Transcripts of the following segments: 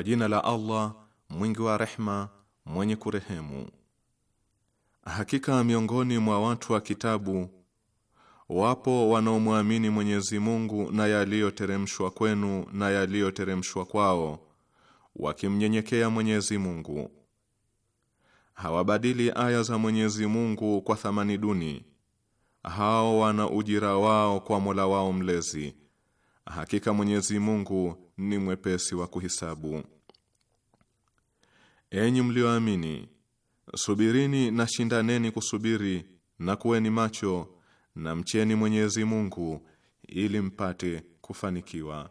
Kwa jina la Allah mwingi wa rehma, mwenye kurehemu. Hakika miongoni mwa watu wa kitabu wapo wanaomwamini Mwenyezi Mungu na yaliyoteremshwa kwenu na yaliyoteremshwa kwao, wakimnyenyekea Mwenyezi Mungu. Hawabadili aya za Mwenyezi Mungu kwa thamani duni. Hao wana ujira wao kwa Mola wao mlezi. Hakika Mwenyezi Mungu ni mwepesi wa kuhisabu. Enyi mlioamini, subirini na shindaneni kusubiri na kuweni macho na mcheni Mwenyezi Mungu ili mpate kufanikiwa.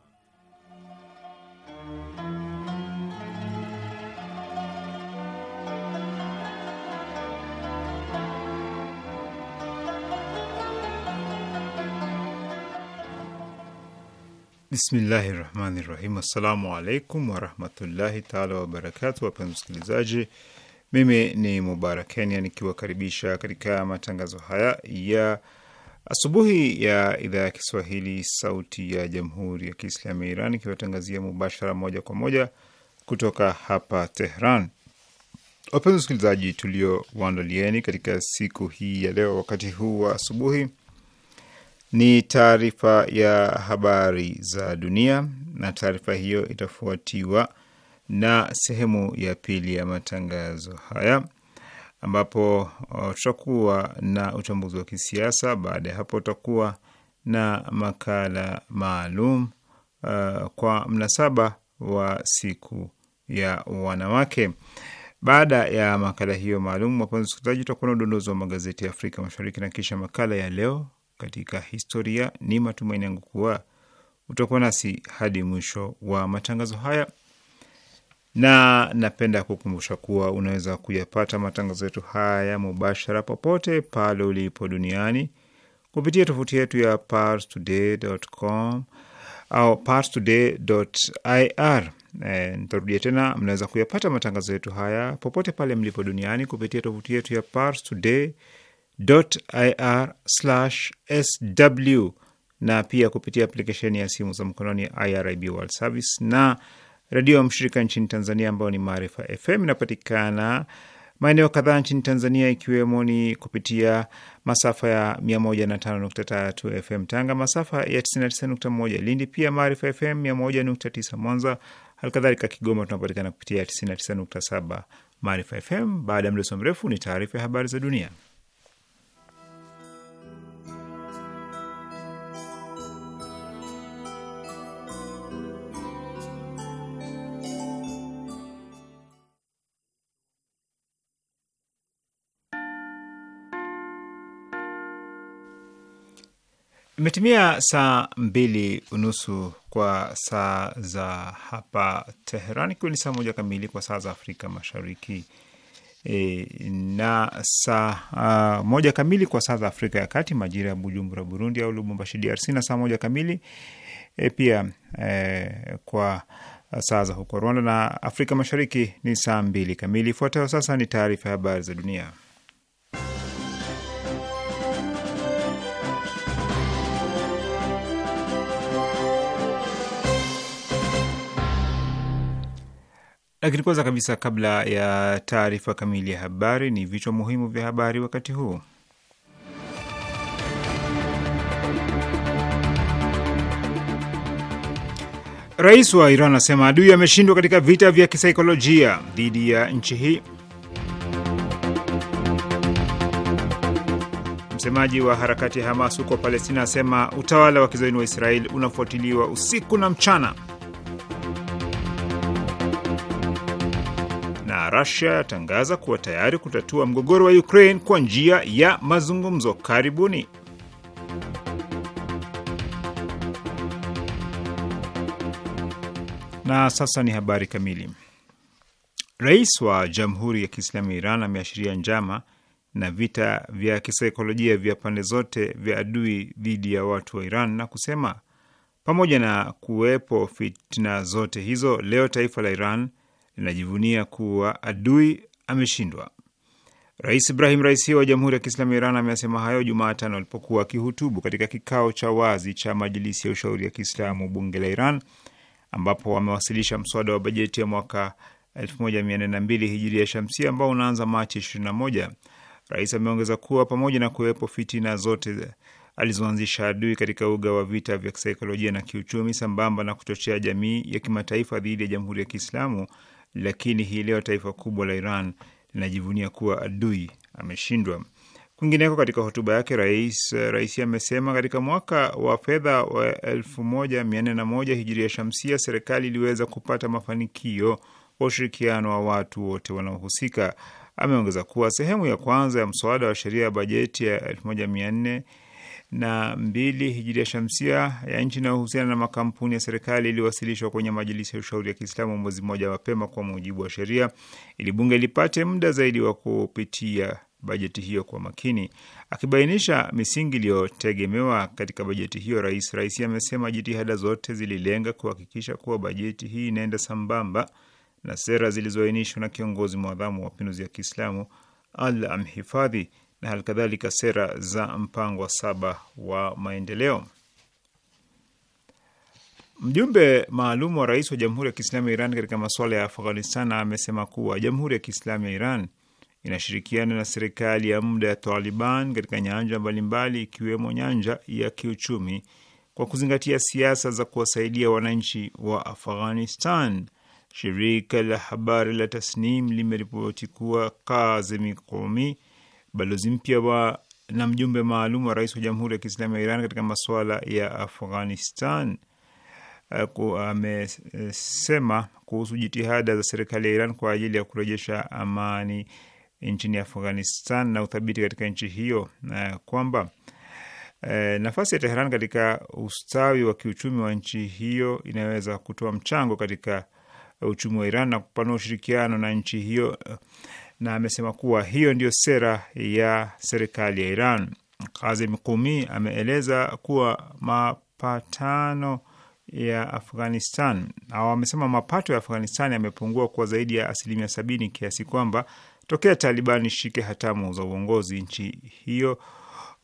Bismillahi rahmani rahim. Assalamu alaikum warahmatullahi taala wabarakatu. Wapenzi wasikilizaji, mimi ni Mubarak Kenya nikiwakaribisha katika matangazo haya ya asubuhi ya idhaa ya Kiswahili sauti ya jamhuri ya Kiislamu ya Iran ikiwatangazia mubashara moja kwa moja kutoka hapa Tehran. Wapenzi wasikilizaji, tuliowaandalieni katika siku hii ya leo wakati huu wa asubuhi ni taarifa ya habari za dunia, na taarifa hiyo itafuatiwa na sehemu ya pili ya matangazo haya ambapo uh, tutakuwa na uchambuzi wa kisiasa. Baada ya hapo, utakuwa na makala maalum uh, kwa mnasaba wa siku ya wanawake. Baada ya makala hiyo maalum, wapenzi wasikilizaji, utakuwa na udondozi wa magazeti ya Afrika Mashariki na kisha makala ya leo katika historia. Ni matumaini yangu kuwa utakuwa nasi hadi mwisho wa matangazo haya, na napenda kukumbusha kuwa unaweza kuyapata matangazo yetu haya mubashara popote pale ulipo duniani kupitia tovuti yetu ya parstoday.com au parstoday.ir. E, nitarudia tena, mnaweza kuyapata matangazo yetu haya popote pale mlipo duniani kupitia tovuti yetu ya parstoday ir/sw na pia kupitia aplikesheni ya simu za mkononi IRIB World Service na redio ya mshirika nchini Tanzania ambayo ni Maarifa FM. Inapatikana maeneo kadhaa nchini Tanzania ikiwemo ni kupitia masafa ya 105.3 FM Tanga, masafa ya 99.1 Lindi, pia Maarifa FM 101.9 Mwanza, halikadhalika Kigoma tunapatikana kupitia 99.7 Maarifa FM. Baada ya mdoso mrefu ni taarifa ya habari za dunia. Imetimia saa mbili unusu kwa saa za hapa Teheran, ikiwa ni saa moja kamili kwa saa za Afrika Mashariki e, na saa moja kamili kwa saa za Afrika ya Kati, majira ya Bujumbura Burundi au Lubumbashi DRC, na saa moja kamili e, pia e, kwa saa za huko Rwanda na Afrika Mashariki ni saa mbili kamili. Ifuatayo sasa ni taarifa ya habari za dunia. Lakini kwanza kabisa, kabla ya taarifa kamili ya habari, ni vichwa muhimu vya habari wakati huu. Rais wa Iran anasema adui ameshindwa katika vita vya kisaikolojia dhidi ya nchi hii. Msemaji wa harakati ya Hamas huko Palestina asema utawala wa kizoeni wa Israeli unafuatiliwa usiku na mchana. Russia yatangaza kuwa tayari kutatua mgogoro wa Ukraine kwa njia ya mazungumzo. Karibuni. Na sasa ni habari kamili. Rais wa Jamhuri ya Kiislamu ya Iran ameashiria njama na vita vya kisaikolojia vya pande zote vya adui dhidi ya watu wa Iran na kusema pamoja na kuwepo fitna zote hizo, leo taifa la Iran linajivunia kuwa adui ameshindwa. Rais Ibrahim Raisi wa Jamhuri ya Kiislamu ya Iran amesema hayo Jumatano alipokuwa akihutubu katika kikao cha wazi cha Majilisi ya Ushauri ya Kiislamu, bunge la Iran, ambapo wamewasilisha mswada wa bajeti ya mwaka 1402 hijiri ya shamsia ambao unaanza Machi 21. Rais ameongeza kuwa pamoja na kuwepo fitina zote alizoanzisha adui katika uga wa vita vya kisaikolojia na kiuchumi, sambamba na kuchochea jamii ya kimataifa dhidi ya Jamhuri ya Kiislamu, lakini hii leo taifa kubwa la Iran linajivunia kuwa adui ameshindwa. Kwingineko, katika hotuba yake rais Raisi amesema katika mwaka wa fedha wa elfu moja mia nne na moja hijiria shamsia serikali iliweza kupata mafanikio kwa ushirikiano wa watu wote wanaohusika. Ameongeza kuwa sehemu ya kwanza ya mswada wa sheria ya bajeti ya elfu moja mia nne na mbili hijiria shamsia ya nchi inayohusiana na makampuni ya serikali iliwasilishwa kwenye majilisi ya ushauri ya Kiislamu mwezi mmoja mapema kwa mujibu wa sheria, ili bunge lipate muda zaidi wa kupitia bajeti hiyo kwa makini. Akibainisha misingi iliyotegemewa katika bajeti hiyo, Rais Raisi amesema jitihada zote zililenga kuhakikisha kuwa bajeti hii inaenda sambamba na sera zilizoainishwa na kiongozi mwadhamu wa mapinduzi ya Kiislamu al amhifadhi na halikadhalika sera za mpango wa saba wa maendeleo. Mjumbe maalum wa rais wa Jamhuri ya Kiislamu ya Iran katika masuala ya Afghanistan amesema kuwa Jamhuri ya Kiislamu ya Iran inashirikiana na serikali ya muda ya Taliban katika nyanja mbalimbali ikiwemo nyanja ya kiuchumi kwa kuzingatia siasa za kuwasaidia wananchi wa Afghanistan. Shirika la habari la Tasnim limeripoti kuwa Kazimi Komi balozi mpya wa na mjumbe maalum wa rais wa Jamhuri ya Kiislamu ya Iran katika masuala ya Afghanistan eh, amesema kuhusu jitihada za serikali ya Iran kwa ajili ya kurejesha amani nchini Afghanistan na uthabiti katika nchi hiyo kwamba e, nafasi ya Teheran katika ustawi wa kiuchumi wa nchi hiyo inaweza kutoa mchango katika uchumi wa Iran na kupanua ushirikiano na nchi hiyo eh, na amesema kuwa hiyo ndiyo sera ya serikali ya Iran. Kazim Kumi ameeleza kuwa mapatano ya Afghanistan au amesema mapato ya Afghanistan yamepungua kwa zaidi ya asilimia sabini kiasi kwamba tokea Taliban ishike hatamu za uongozi nchi hiyo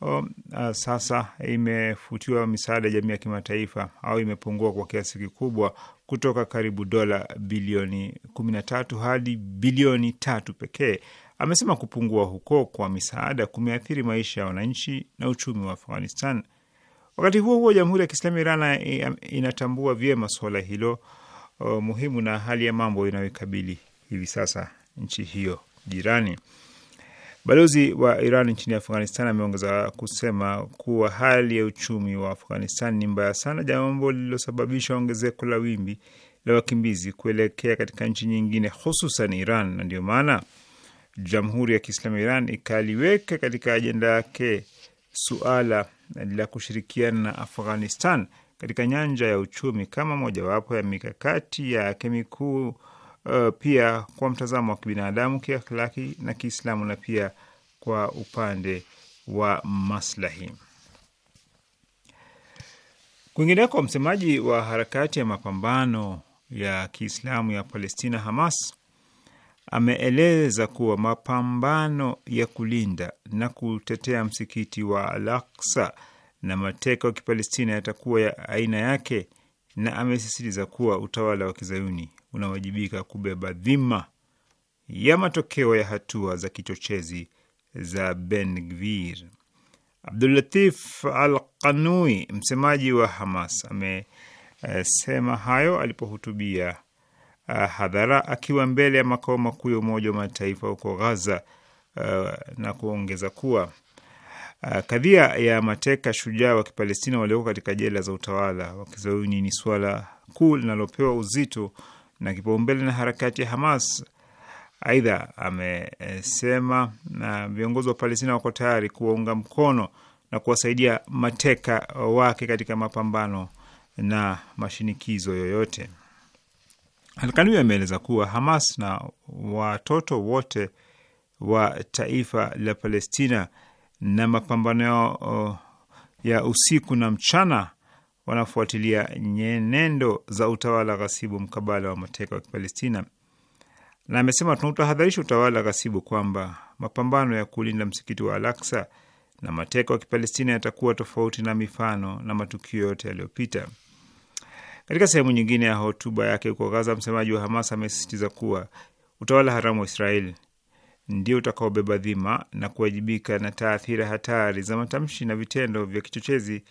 uh, sasa imefutiwa misaada ya jamii ya kimataifa au imepungua kwa kiasi kikubwa kutoka karibu dola bilioni 13 hadi bilioni tatu pekee. Amesema kupungua huko kwa misaada kumeathiri maisha ya wananchi na uchumi wa Afghanistan. Wakati huo huo, Jamhuri ya Kiislamu Iran eh, eh, inatambua vyema suala hilo uh, muhimu na hali ya mambo inayoikabili hivi sasa nchi hiyo jirani. Balozi wa Iran nchini Afghanistan ameongeza kusema kuwa hali ya uchumi wa Afghanistan ni mbaya sana, jambo lililosababisha ongezeko la wimbi la wakimbizi kuelekea katika nchi nyingine, hususan Iran, na ndio maana Jamhuri ya Kiislamu ya Iran ikaliweka katika ajenda yake suala la kushirikiana na Afghanistan katika nyanja ya uchumi kama mojawapo ya mikakati yake mikuu uh, pia kwa mtazamo wa kibinadamu, kiakhlaki na Kiislamu, na pia kwa upande wa maslahi. Kwingineko, msemaji wa harakati ya mapambano ya Kiislamu ya Palestina, Hamas, ameeleza kuwa mapambano ya kulinda na kutetea msikiti wa Al-Aqsa na mateka wa Kipalestina yatakuwa ya aina yake, na amesisitiza kuwa utawala wa kizayuni unawajibika kubeba dhima ya matokeo ya hatua za kichochezi za Ben Gvir. Abdulatif Al Qanui, msemaji wa Hamas, amesema hayo alipohutubia uh, hadhara akiwa mbele ya makao makuu ya Umoja wa Mataifa huko Ghaza uh, na kuongeza kuwa uh, kadhia ya mateka shujaa wa Kipalestina walioko katika jela za utawala wa kizayuni ni suala kuu linalopewa uzito na kipaumbele na harakati ya Hamas. Aidha, amesema na viongozi wa Palestina wako tayari kuwaunga mkono na kuwasaidia mateka wake katika mapambano na mashinikizo yoyote. Alkanui ameeleza kuwa Hamas na watoto wote wa taifa la Palestina na mapambano yao oh, ya usiku na mchana wanafuatilia nyenendo za utawala ghasibu mkabala wa mateka wa Kipalestina, na amesema tunautahadharisha utawala ghasibu kwamba mapambano ya kulinda msikiti wa alaksa na mateka wa Kipalestina yatakuwa tofauti na mifano na matukio yote yaliyopita. Katika sehemu nyingine ya hotuba yake huko Gaza, msemaji wa Hamas amesisitiza kuwa utawala haramu wa Israeli ndio utakaobeba dhima na kuwajibika na taathira hatari za matamshi na vitendo vya kichochezi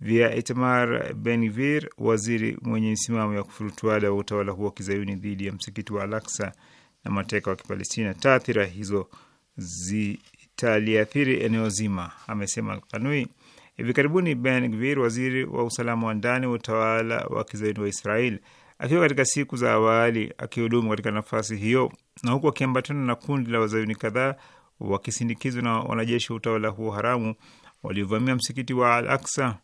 vya Itamar Benivir, waziri mwenye msimamo ya kufurutuada wa utawala huo kizayuni dhidi ya msikiti wa al na mateka wa Kipalestina. Taathira hizo zitaliathiri eneo zima, amesema Alkanui. Hivi karibuni Ben Gvir, waziri wa usalama wa ndani wa utawala wa kizayuni wa Israel, akiwa katika siku za awali akihudumu katika nafasi hiyo na huku akiambatana na kundi la wazayuni kadhaa wakisindikizwa na wanajeshi wa utawala huo haramu waliovamia msikiti wa al aksa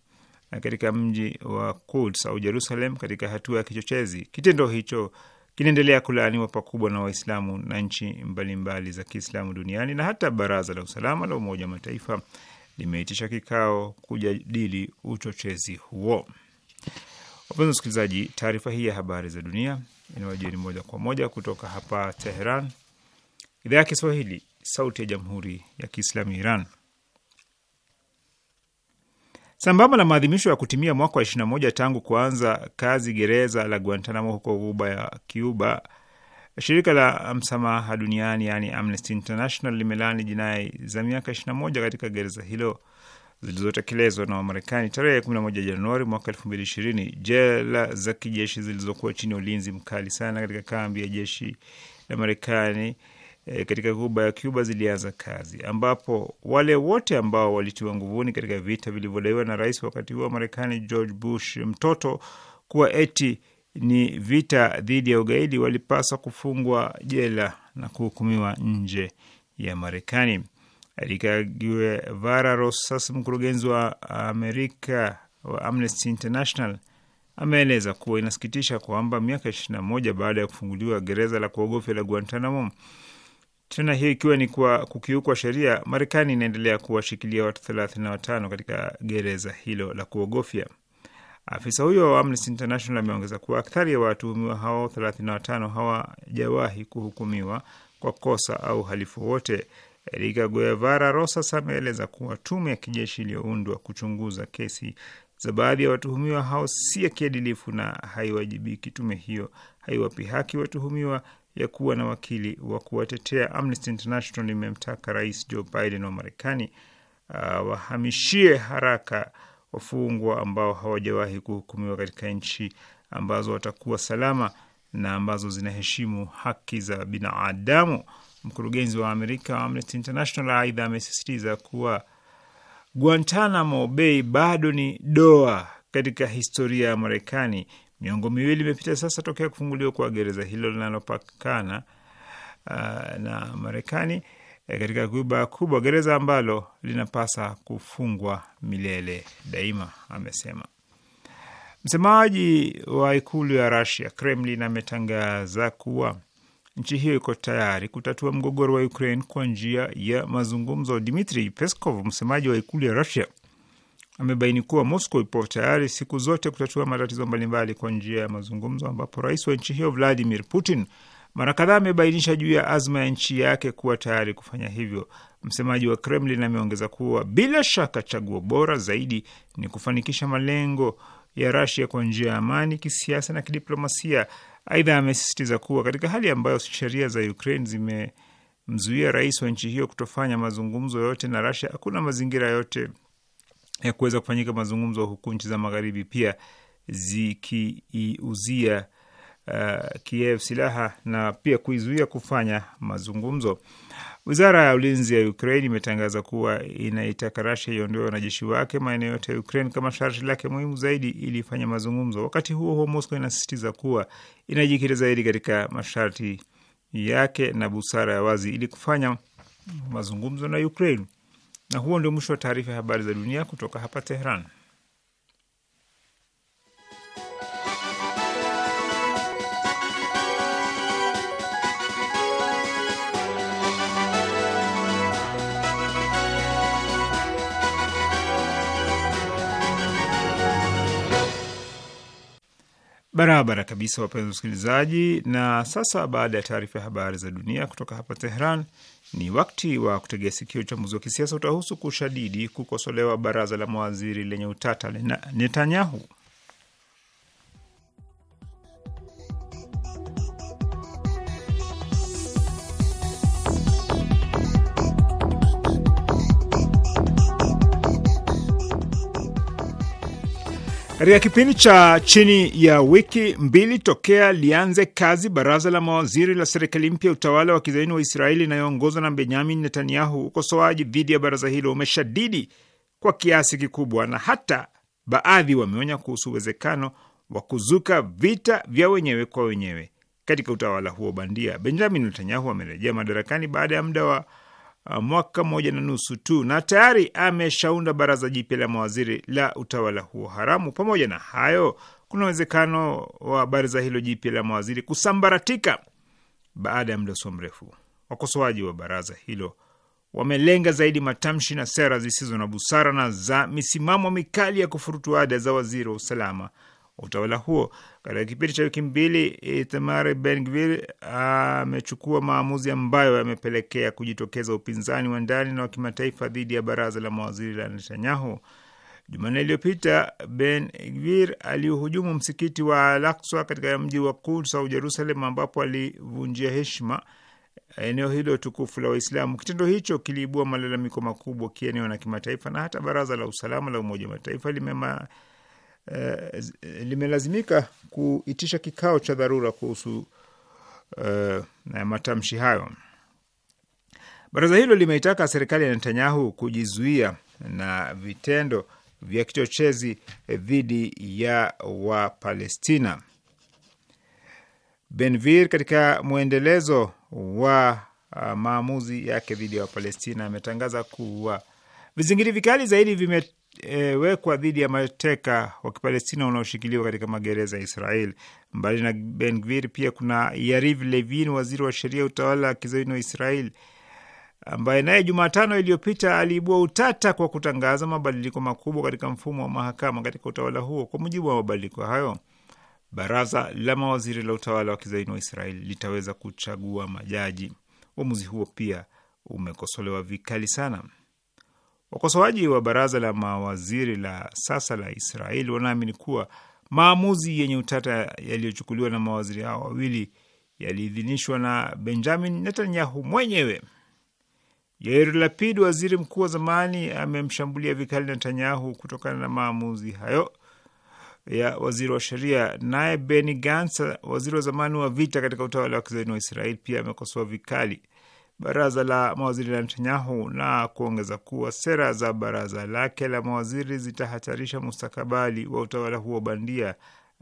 katika mji wa Quds au Jerusalem katika hatua ya kichochezi. Kitendo hicho kinaendelea kulaaniwa pakubwa na Waislamu na nchi mbalimbali mbali za Kiislamu duniani na hata Baraza la Usalama la Umoja wa Mataifa limeitisha kikao kujadili uchochezi huo. Wapenzi wasikilizaji, taarifa hii ya habari za dunia inawajieni moja kwa moja kutoka hapa Teheran, Idhaa ya Kiswahili, Sauti ya Jamhuri ya Kiislamu Iran. Sambamba na maadhimisho ya kutimia mwaka wa 21 tangu kuanza kazi gereza la Guantanamo huko ghuba ya Cuba, shirika la msamaha duniani yani Amnesty International limelani jinai za miaka 21 katika gereza hilo zilizotekelezwa na Wamarekani. Tarehe 11 Januari mwaka 2020, jela za kijeshi zilizokuwa chini ya ulinzi mkali sana katika kambi ya jeshi la Marekani E, katika ghuba ya Cuba zilianza kazi, ambapo wale wote ambao walitiwa nguvuni katika vita vilivyodaiwa na rais wakati huo wa Marekani George Bush mtoto kuwa eti ni vita dhidi ya ugaidi walipaswa kufungwa jela na kuhukumiwa nje ya Marekani. Erika Guevara Rosas, mkurugenzi wa Amerika wa Amnesty International, ameeleza kuwa inasikitisha kwamba miaka 21 baada ya kufunguliwa gereza la kuogofya la Guantanamo, tena hiyo ikiwa ni kwa kukiukwa sheria. Marekani inaendelea kuwashikilia watu thelathini na watano katika gereza hilo la kuogofya. Afisa huyo wa Amnesty International ameongeza kuwa akthari ya watuhumiwa hao thelathini na watano hawajawahi kuhukumiwa kwa kosa au uhalifu wote. Erika Guevara Rosas ameeleza kuwa tume ya kijeshi iliyoundwa kuchunguza kesi za baadhi ya watuhumiwa hao si ya kiadilifu na haiwajibiki. Tume hiyo haiwapi haki watuhumiwa ya kuwa na wakili wa kuwatetea. Amnesty International imemtaka Rais Joe Biden wa Marekani uh, wahamishie haraka wafungwa ambao hawajawahi kuhukumiwa katika nchi ambazo watakuwa salama na ambazo zinaheshimu haki za binadamu. Mkurugenzi wa Amerika wa Amnesty International aidha amesisitiza kuwa Guantanamo Bay bado ni doa katika historia ya Marekani Miongo miwili imepita sasa tokea kufunguliwa kwa gereza hilo linalopakana uh, na Marekani eh, katika guba kubwa, gereza ambalo linapasa kufungwa milele daima, amesema. Msemaji wa ikulu ya Rasia, Kremlin, ametangaza kuwa nchi hiyo iko tayari kutatua mgogoro wa Ukraine kwa njia ya mazungumzo. Dmitri Peskov, msemaji wa ikulu ya Rusia, amebaini kuwa Moscow ipo tayari siku zote kutatua matatizo mbalimbali kwa njia ya mazungumzo, ambapo rais wa nchi hiyo Vladimir Putin mara kadhaa amebainisha juu ya azma ya nchi yake kuwa tayari kufanya hivyo. Msemaji wa Kremlin ameongeza kuwa bila shaka chaguo bora zaidi ni kufanikisha malengo ya Rasia kwa njia ya amani, kisiasa na kidiplomasia. Aidha, amesisitiza kuwa katika hali ambayo sheria za Ukraine zimemzuia rais wa nchi hiyo kutofanya mazungumzo yote na Rasia, hakuna mazingira yote ya kuweza kufanyika mazungumzo, huku nchi za magharibi pia zikiiuzia uh, Kiev silaha na pia kuizuia kufanya mazungumzo. Wizara ya ulinzi ya Ukraine imetangaza kuwa inaitaka Rasia iondoe wanajeshi wake maeneo yote ya Ukraine kama sharti lake muhimu zaidi ili ifanye mazungumzo. Wakati huo huo, Moscow inasisitiza kuwa inajikita zaidi katika masharti yake na busara ya wazi ili kufanya mazungumzo na Ukraine. Na huo ndio mwisho wa taarifa ya habari za dunia kutoka hapa Tehran. Barabara kabisa, wapenzi wasikilizaji. Na sasa baada ya taarifa ya habari za dunia kutoka hapa Tehran, ni wakati wa kutegea sikio. Uchambuzi wa kisiasa utahusu kushadidi kukosolewa baraza la mawaziri lenye utata Netanyahu. Katika kipindi cha chini ya wiki mbili tokea lianze kazi baraza la mawaziri la serikali mpya utawala wa kizaini wa Israeli inayoongozwa na Benyamin Netanyahu, ukosoaji dhidi ya baraza hilo umeshadidi kwa kiasi kikubwa, na hata baadhi wameonya kuhusu uwezekano wa kuzuka vita vya wenyewe kwa wenyewe katika utawala huo bandia. Benjamin Netanyahu amerejea madarakani baada ya muda wa Uh, mwaka mmoja na nusu tu, na tayari ameshaunda baraza jipya la mawaziri la utawala huo haramu. Pamoja na hayo, kuna uwezekano wa baraza hilo jipya la mawaziri kusambaratika baada ya usio mrefu. Wakosoaji wa baraza hilo wamelenga zaidi matamshi na sera zisizo na busara na za misimamo mikali ya kufurutu ada za waziri wa usalama wa utawala huo. Katika kipindi cha wiki mbili, Itamar Ben Gvir amechukua maamuzi ambayo yamepelekea kujitokeza upinzani wa ndani na wa kimataifa dhidi ya baraza la mawaziri la Netanyahu. Jumanne iliyopita Ben Gvir aliuhujumu msikiti wa Al-Aqsa katika mji wa Quds au Jerusalem, ambapo alivunjia heshima eneo hilo tukufu la Waislamu. Kitendo hicho kiliibua malalamiko makubwa kieneo na kimataifa, na hata baraza la usalama la Umoja wa Mataifa limema Eh, limelazimika kuitisha kikao cha dharura kuhusu eh, matamshi hayo. Baraza hilo limeitaka serikali ya Netanyahu kujizuia na vitendo vya kichochezi eh, dhidi ya Wapalestina. Benvir katika mwendelezo wa uh, maamuzi yake dhidi ya Wapalestina ametangaza kuwa vizingiti vikali zaidi vime wekwa dhidi ya mateka wa Kipalestina wanaoshikiliwa katika magereza ya Israel. Mbali na Ben Gvir, pia kuna Yariv Levin, waziri wa sheria ya utawala wa kizayuni wa Israel, ambaye naye Jumatano iliyopita aliibua utata kwa kutangaza mabadiliko makubwa katika mfumo wa mahakama katika utawala huo. Kwa mujibu wa mabadiliko hayo, baraza la mawaziri la utawala wa kizayuni wa Israel litaweza kuchagua majaji. Uamuzi huo pia umekosolewa vikali sana. Wakosoaji wa baraza la mawaziri la sasa la Israeli wanaamini kuwa maamuzi yenye utata yaliyochukuliwa na mawaziri hao wawili yaliidhinishwa na Benjamin Netanyahu mwenyewe. Yair Lapid, waziri mkuu wa zamani, amemshambulia vikali Netanyahu kutokana na maamuzi hayo ya waziri wa sheria. Naye Beni Gantz, waziri wa zamani wa vita katika utawala wa kizayuni wa Israeli, pia amekosoa vikali baraza la mawaziri la Netanyahu na kuongeza kuwa sera za baraza lake la mawaziri zitahatarisha mustakabali wa utawala huo bandia.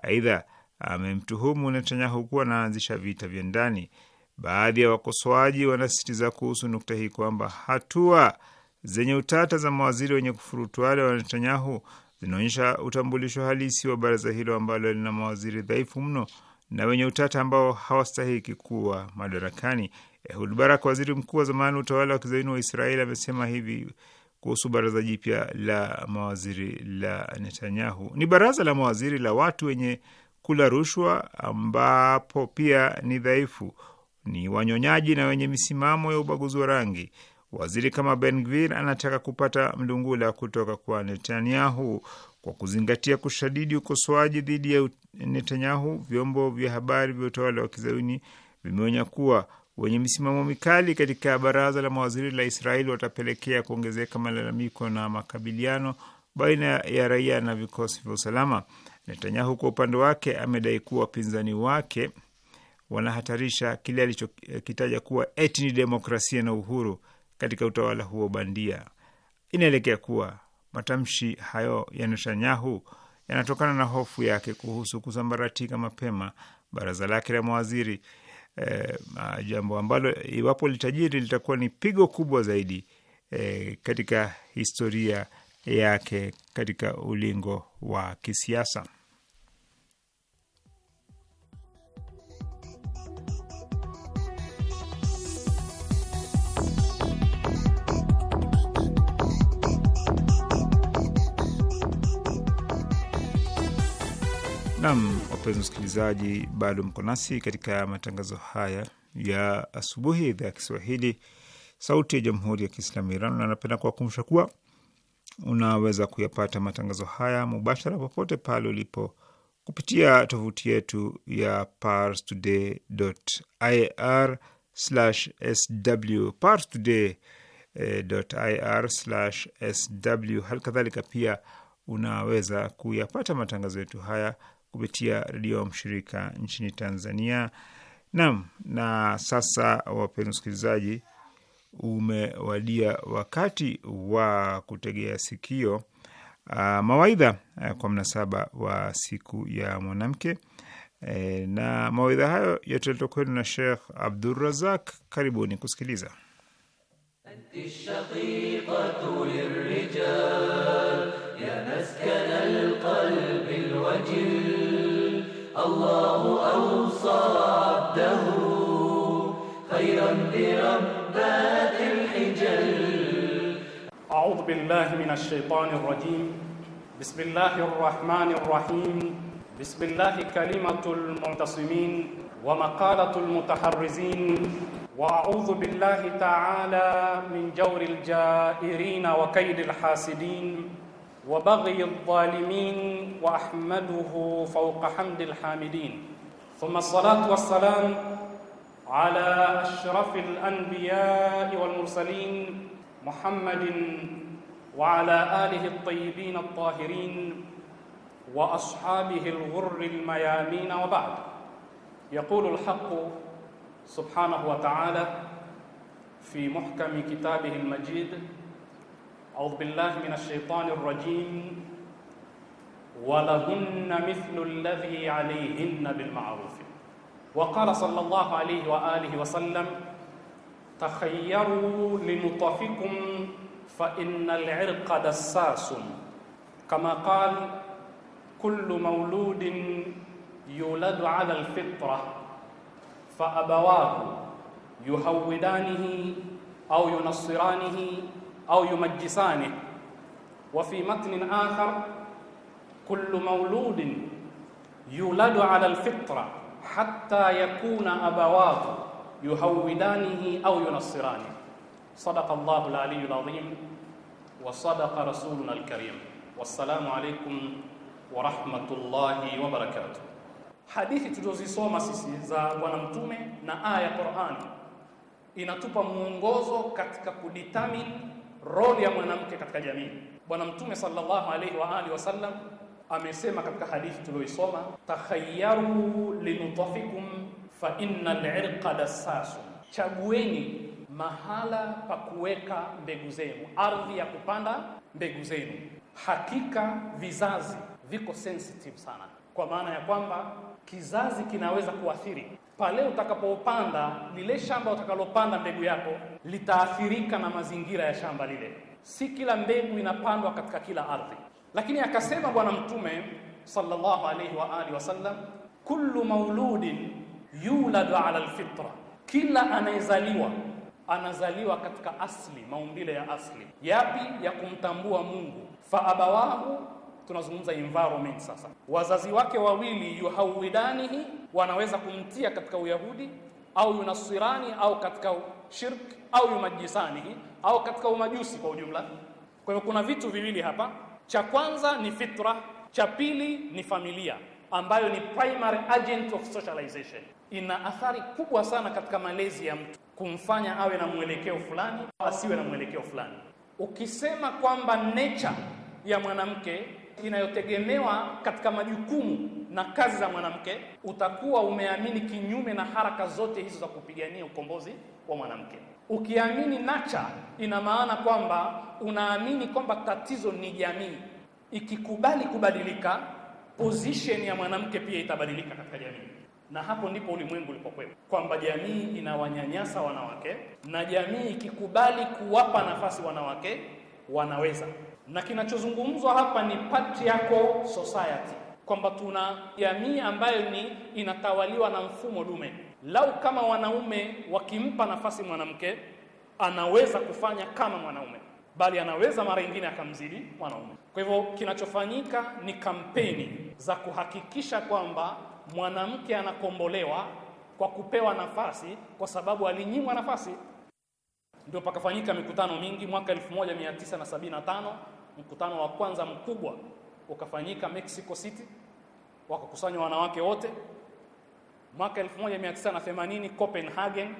Aidha, amemtuhumu Netanyahu kuwa anaanzisha vita vya ndani. Baadhi ya wakosoaji wanasisitiza kuhusu nukta hii kwamba hatua zenye utata za mawaziri wenye kufurutuada wa Netanyahu zinaonyesha utambulisho halisi wa baraza hilo ambalo lina mawaziri dhaifu mno na wenye utata ambao hawastahiki kuwa madarakani. Ehud Barak, waziri mkuu wa zamani utawala wa kizaini wa Israeli, amesema hivi kuhusu baraza jipya la mawaziri la Netanyahu: ni baraza la mawaziri la watu wenye kula rushwa, ambapo pia ni dhaifu, ni wanyonyaji na wenye misimamo ya ubaguzi wa rangi. Waziri kama Ben Gvir anataka kupata mdungula kutoka kwa Netanyahu. Kwa kuzingatia kushadidi ukosoaji dhidi ya Netanyahu, vyombo vya habari vya utawala wa kizayuni vimeonya kuwa wenye misimamo mikali katika baraza la mawaziri la Israeli watapelekea kuongezeka malalamiko na makabiliano baina ya raia na vikosi vya usalama. Netanyahu kwa upande wake amedai kuwa wapinzani wake wanahatarisha kile alichokitaja kuwa eti ni demokrasia na uhuru katika utawala huo bandia. Inaelekea kuwa matamshi hayo ya Netanyahu yanatokana na hofu yake kuhusu kusambaratika mapema baraza lake la mawaziri eh, jambo ambalo iwapo litajiri litakuwa ni pigo kubwa zaidi eh, katika historia yake katika ulingo wa kisiasa. Nam, wapenzi msikilizaji, bado mko nasi katika matangazo haya ya asubuhi ya idhaa ya Kiswahili sauti ya jamhuri ya kiislamu ya Iran, na napenda kuwakumbusha kuwa unaweza kuyapata matangazo haya mubashara popote pale ulipo kupitia tovuti yetu ya parstoday.ir sw parstoday.ir sw. Hali kadhalika pia unaweza kuyapata matangazo yetu haya kupitia redio mshirika nchini Tanzania. Naam, na sasa wapenzi wasikilizaji, umewadia wakati wa kutegea sikio uh, mawaidha uh, kwa mnasaba wa siku ya mwanamke e, na mawaidha hayo yataletwa kwenu na Sheikh Abdurazak. Karibuni kusikiliza. أعوذ بالله من الشيطان الرجيم بسم الله الرحمن الرحيم بسم الله كلمة المعتصمين ومقالة المتحرزين وأعوذ بالله تعالى من جور الجائرين وكيد الحاسدين وبغي الظالمين وأحمده فوق حمد الحامدين ثم الصلاة والسلام على أشرف الأنبياء والمرسلين محمد وعلى آله الطيبين الطاهرين وأصحابه الغر الميامين وبعد يقول الحق سبحانه وتعالى في محكم كتابه المجيد أعوذ بالله من الشيطان الرجيم ولهن مثل الذي عليهن بالمعروف وقال صلى الله عليه وآله وسلم تخيروا لنطفكم فإن العرق دساس كما قال كل مولود يولد على الفطرة فأبواه يهودانه أو ينصرانه أو يمجسانه وفي متن آخر كل مولود يولد على الفطرة حتى يكون أبواه yuhawidanihi au yunasirani. Sadaqa Allahu al aliyyu al azim wa sadaqa rasuluna al-karim. Wassalamu alaykum wa rahmatullahi wa barakatuh. Hadithi tulizosoma sisi za Bwana Mtume na aya ya Qur'an inatupa mwongozo katika kudetermine role ya mwanamke katika jamii. Bwana Mtume sallallahu alayhi wa alihi wasallam amesema katika hadithi tulioisoma, takhayyaru linutafikum fa al irqa dassasu, chagueni mahala pa kuweka mbegu zenu, ardhi ya kupanda mbegu zenu. Hakika vizazi viko sensitive sana, kwa maana ya kwamba kizazi kinaweza kuathiri pale utakapopanda lile shamba. Utakalopanda mbegu yako litaathirika na mazingira ya shamba lile. Si kila mbegu inapandwa katika kila ardhi, lakini akasema Bwana Mtume sallallahu alaihi wa alihi wasallam, kullu mauludin yuladu ala alfitra, kila anayezaliwa anazaliwa katika asli, maumbile ya asli. Yapi? Ya kumtambua Mungu. Fa abawahu, tunazungumza environment sasa. Wazazi wake wawili, yuhawidanihi, wanaweza kumtia katika Uyahudi au yunasirani au katika shirk au yumajisanihi au katika umajusi kwa ujumla. Kwa hiyo kuna vitu viwili hapa, cha kwanza ni fitra, cha pili ni familia ambayo ni primary agent of socialization, ina athari kubwa sana katika malezi ya mtu, kumfanya awe na mwelekeo fulani au asiwe na mwelekeo fulani. Ukisema kwamba nature ya mwanamke inayotegemewa katika majukumu na kazi za mwanamke, utakuwa umeamini kinyume na haraka zote hizo za kupigania ukombozi wa mwanamke. Ukiamini nacha, ina maana kwamba unaamini kwamba tatizo ni jamii ikikubali kubadilika position ya mwanamke pia itabadilika katika jamii, na hapo ndipo ulimwengu ulipokwepo, kwamba jamii inawanyanyasa wanawake, na jamii ikikubali kuwapa nafasi wanawake wanaweza. Na kinachozungumzwa hapa ni patriarchal society, kwamba tuna jamii ambayo ni inatawaliwa na mfumo dume. Lau kama wanaume wakimpa nafasi mwanamke, anaweza kufanya kama mwanaume bali anaweza mara nyingine akamzidi mwanaume. Kwa hivyo kinachofanyika ni kampeni za kuhakikisha kwamba mwanamke anakombolewa kwa kupewa nafasi, kwa sababu alinyimwa nafasi. Ndio pakafanyika mikutano mingi. Mwaka 1975 mkutano wa kwanza mkubwa ukafanyika Mexico City, wakakusanywa wanawake wote. Mwaka 1980 Copenhagen,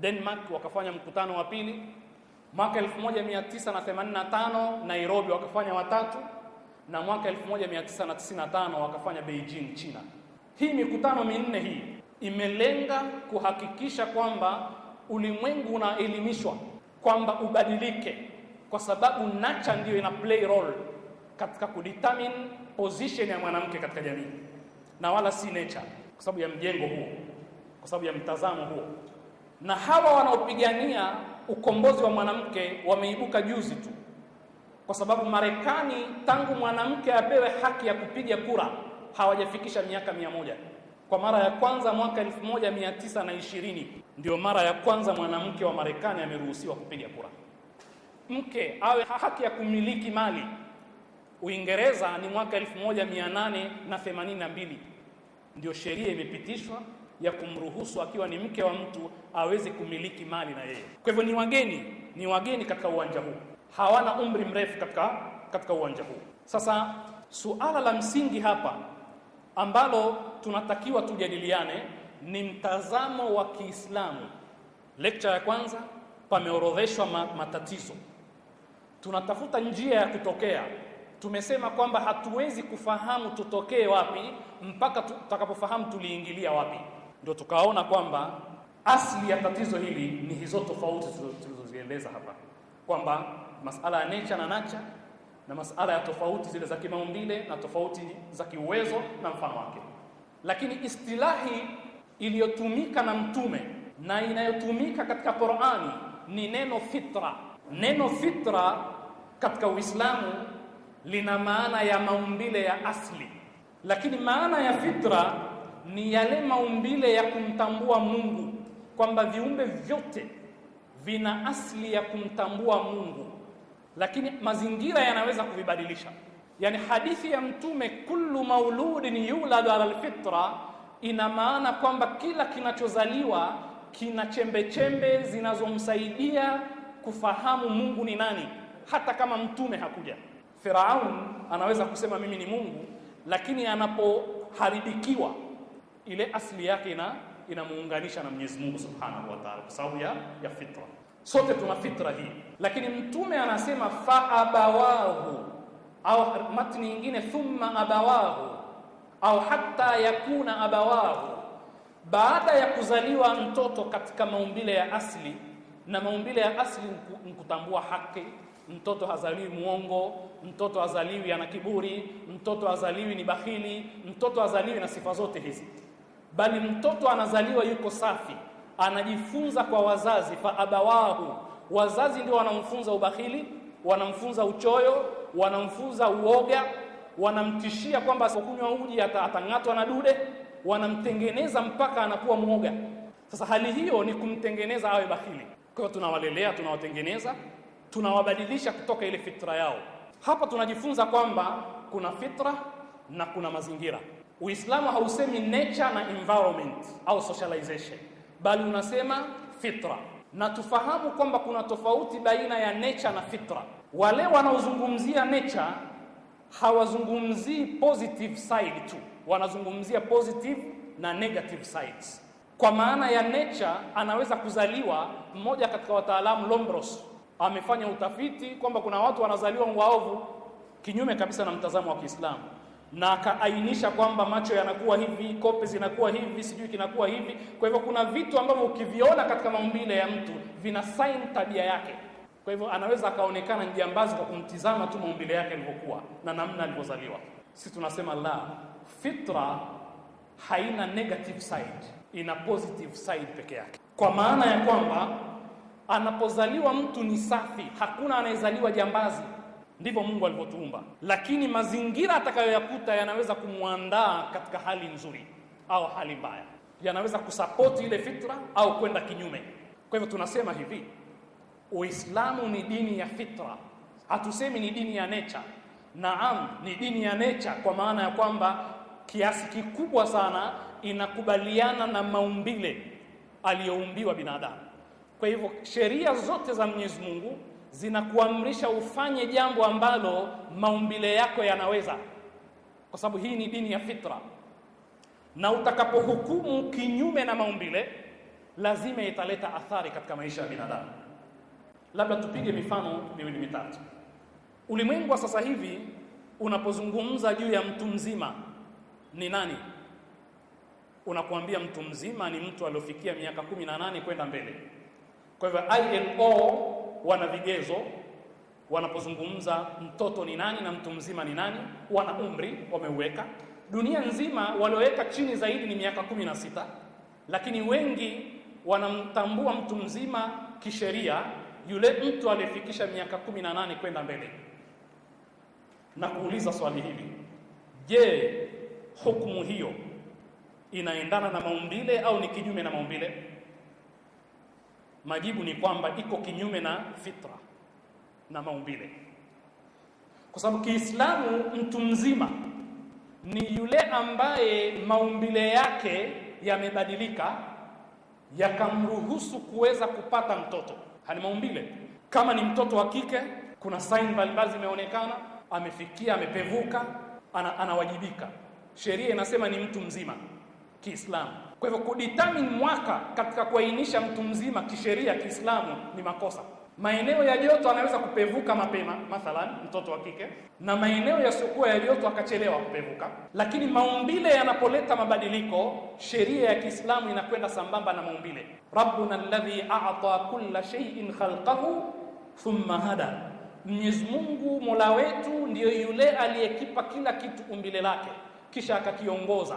Denmark, wakafanya mkutano wa pili mwaka 1985 Nairobi wakafanya watatu na mwaka 1995 wakafanya Beijing China. Hii mikutano minne hii imelenga kuhakikisha kwamba ulimwengu unaelimishwa kwamba ubadilike, kwa sababu nacha ndiyo ina play role katika kudetermine position ya mwanamke katika jamii na wala si nature, kwa sababu ya mjengo huo, kwa sababu ya mtazamo huo, na hawa wanaopigania ukombozi wa mwanamke wameibuka juzi tu, kwa sababu Marekani tangu mwanamke apewe haki ya kupiga kura hawajafikisha miaka mia moja. Kwa mara ya kwanza mwaka elfu ishirini ndio mara ya kwanza mwanamke wa Marekani ameruhusiwa kupiga kura, mke awe haki ya kumiliki mali. Uingereza ni mwaka na mbili ndio sheria imepitishwa ya kumruhusu akiwa ni mke wa mtu aweze kumiliki mali na yeye. Kwa hivyo ni wageni, ni wageni katika uwanja huu, hawana umri mrefu katika katika uwanja huu. Sasa suala la msingi hapa ambalo tunatakiwa tujadiliane ni mtazamo wa Kiislamu. Lecture ya kwanza pameorodheshwa matatizo, tunatafuta njia ya kutokea. Tumesema kwamba hatuwezi kufahamu tutokee wapi mpaka tutakapofahamu tuliingilia wapi ndio tukaona kwamba asli ya tatizo hili ni hizo tofauti tulizozieleza hapa kwamba masala ya necha na nacha na masala ya tofauti zile za kimaumbile na tofauti za kiuwezo na mfano wake lakini istilahi iliyotumika na mtume na inayotumika katika Qur'ani ni neno fitra neno fitra katika Uislamu lina maana ya maumbile ya asli lakini maana ya fitra ni yale maumbile ya kumtambua Mungu, kwamba viumbe vyote vina asili ya kumtambua Mungu, lakini mazingira yanaweza kuvibadilisha. Yani hadithi ya Mtume, kullu mauludin yuladu ala alfitra, ina maana kwamba kila kinachozaliwa kina chembe chembe zinazomsaidia kufahamu Mungu ni nani, hata kama mtume hakuja. Firaun anaweza kusema mimi ni Mungu, lakini anapoharibikiwa ile asili yake ina inamuunganisha na Mwenyezi Mungu Subhanahu wa Ta'ala, kwa sababu ya ya fitra. Sote tuna fitra hii, lakini mtume anasema fa abawahu au matni nyingine thumma abawahu au hatta yakuna abawahu, baada ya kuzaliwa mtoto katika maumbile ya asili, na maumbile ya asili nkutambua haki Mtoto hazaliwi muongo, mtoto hazaliwi ana kiburi, mtoto hazaliwi ni bahili, mtoto hazaliwi na sifa zote hizi bali mtoto anazaliwa yuko safi, anajifunza kwa wazazi. Fa abawahu, wazazi ndio wanamfunza ubakhili, wanamfunza uchoyo, wanamfunza uoga, wanamtishia kwamba asipokunywa uji atang'atwa na dude, wanamtengeneza mpaka anakuwa mwoga. Sasa hali hiyo ni kumtengeneza awe bakhili. Kwa hiyo tunawalelea, tunawatengeneza, tunawabadilisha kutoka ile fitra yao. Hapa tunajifunza kwamba kuna fitra na kuna mazingira. Uislamu hausemi nature na environment au socialization, bali unasema fitra, na tufahamu kwamba kuna tofauti baina ya nature na fitra. Wale wanaozungumzia nature hawazungumzii positive side tu, wanazungumzia positive na negative sides. Kwa maana ya nature, anaweza kuzaliwa mmoja katika wataalamu Lombros amefanya utafiti kwamba kuna watu wanazaliwa waovu, kinyume kabisa na mtazamo wa Kiislamu na akaainisha kwamba macho yanakuwa hivi, kope zinakuwa hivi, sijui kinakuwa hivi. Kwa hivyo kuna vitu ambavyo ukiviona katika maumbile ya mtu vina sign tabia yake. Kwa hivyo anaweza akaonekana njambazi kwa kumtizama tu maumbile yake alivyokuwa na namna alivyozaliwa. Sisi tunasema la, fitra haina negative side, ina positive side peke yake, kwa maana ya kwamba anapozaliwa mtu ni safi, hakuna anayezaliwa jambazi. Ndivyo Mungu alivyotuumba, lakini mazingira atakayoyakuta yanaweza kumwandaa katika hali nzuri au hali mbaya, yanaweza kusapoti ile fitra au kwenda kinyume. Kwa hivyo tunasema hivi, Uislamu ni dini ya fitra, hatusemi ni dini ya necha Naam, ni dini ya necha kwa maana ya kwamba kiasi kikubwa sana inakubaliana na maumbile aliyoumbiwa binadamu. Kwa hivyo sheria zote za Mwenyezi Mungu zinakuamrisha ufanye jambo ambalo maumbile yako yanaweza, kwa sababu hii ni dini ya fitra, na utakapohukumu kinyume na maumbile lazima italeta athari katika maisha ya binadamu. Labda tupige mifano miwili mitatu. Ulimwengu wa sasa hivi unapozungumza juu ya mtu mzima ni nani, unakuambia mtu mzima ni mtu aliyofikia miaka 18 kwenda mbele. Kwa hivyo ILO wana vigezo wanapozungumza mtoto ni nani na mtu mzima ni nani, wana umri wameuweka. Dunia nzima walioweka chini zaidi ni miaka kumi na sita, lakini wengi wanamtambua mtu mzima kisheria yule mtu aliyefikisha miaka kumi na nane kwenda mbele. Na kuuliza swali hili, je, hukumu hiyo inaendana na maumbile au ni kinyume na maumbile? Majibu ni kwamba iko kinyume na fitra na maumbile, kwa sababu Kiislamu mtu mzima ni yule ambaye maumbile yake yamebadilika yakamruhusu kuweza kupata mtoto. Hani maumbile kama ni mtoto wa kike, kuna sign mbalimbali zimeonekana, amefikia, amepevuka, ana, anawajibika. Sheria inasema ni mtu mzima Kiislamu kwa hivyo kudetermine mwaka katika kuainisha mtu mzima kisheria Kiislamu ni makosa. Maeneo ya joto anaweza kupevuka mapema, mathalan mtoto wa kike, na maeneo yasiyokuwa ya joto akachelewa kupevuka. Lakini maumbile yanapoleta mabadiliko, sheria ya Kiislamu inakwenda sambamba na maumbile. Rabbuna alladhi a'ta kulla shay'in khalqahu thumma hada, Mwenyezi Mungu mola wetu ndiyo yule aliyekipa kila kitu umbile lake kisha akakiongoza